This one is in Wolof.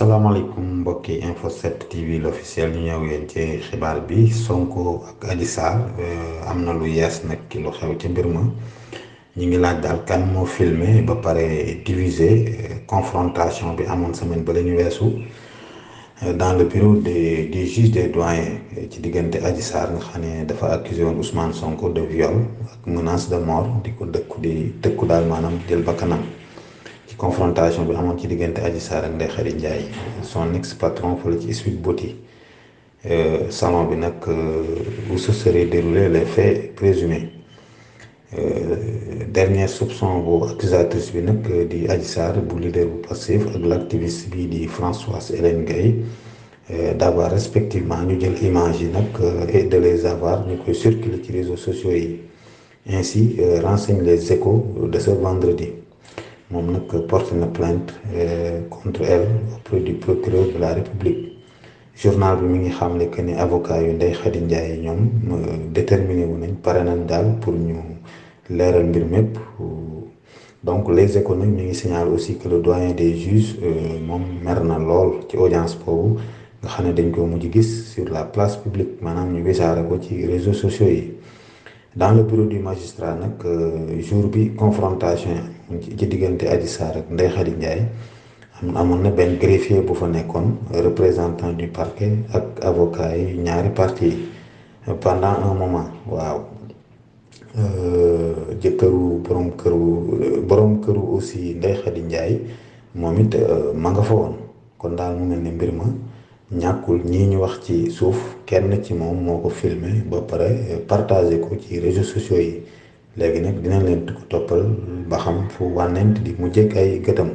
asalaamaaleykum mbokki info 7 tv l'officiel ñu ñëw yéen ci xibaar bi sonko ak aji euh, am na lu yees nag ki lu xew ci mbir ma ñu ngi laaj daal kan moo filmé ba pare divisé euh, confrontation bi amoon semaine ba la ñu weesu euh, dans le bureau de du juge des doyens ci diggante aji sarr nga xam ne dafa accusé woon ousmane sonko de viol ak menace de mort di ko dëkku di dëkku daal maanaam jël bakkanam confrontation bi amoon ci diggante Adji Sarr ak Ndeye Khady Ndiaye son ex patron fële ci Sweet Beauty euh, salon bi nag euh, où se seraient déroulés les faits présumés euh, dernier soupçon bu accusatrice bi nag di Adji Sarr bu leader bu Pastef ak l'activiste bii di Françoise Hélène Gaye d'avoir respectivement ñu jël image yi nag et de les avoir ñu koy circuler réseaux sociaux yi ainsi renseigne les échos de ce vendredi moom nag porte na plainte eh, contre elle auprès du procureur de la république journal bi mi ngi xamle que ni avocat yu Ndeye Khady Ndiaye ñoom eh, déterminé wu nañ pare nañ daal pour ñu leeral mbir mépp donc les échos mu ngi signale aussi que le doyen des juges eh, moom mer na lool ci audience boobu nga xam ne dañ ko mujj gis sur la place publique maanaam ñu wisaare ko ci réseaux sociaux yi dans le bureau du magistrat nag euh, jour bi confrontation ci diggante Adji Sarr ak Ndeye Khady Ndiaye amoon na benn greffier bu fa nekkoon représentant du parquet ak avocat yi ñaari parti yi pendant un moment waaw euh, jëkkëru borom këru borom këru aussi Ndeye Khady Ndiaye moom it euh, ma nga fa woon kon daal mu mel ne mbir ma ñàkkul ñii ñu wax ci suuf kenn ci moom moo ko filme ba pare partagé ko ci réseau sociaux yi léegi nag dina leen toppal ba xam fu wànnent di mu jëkk ay gëtam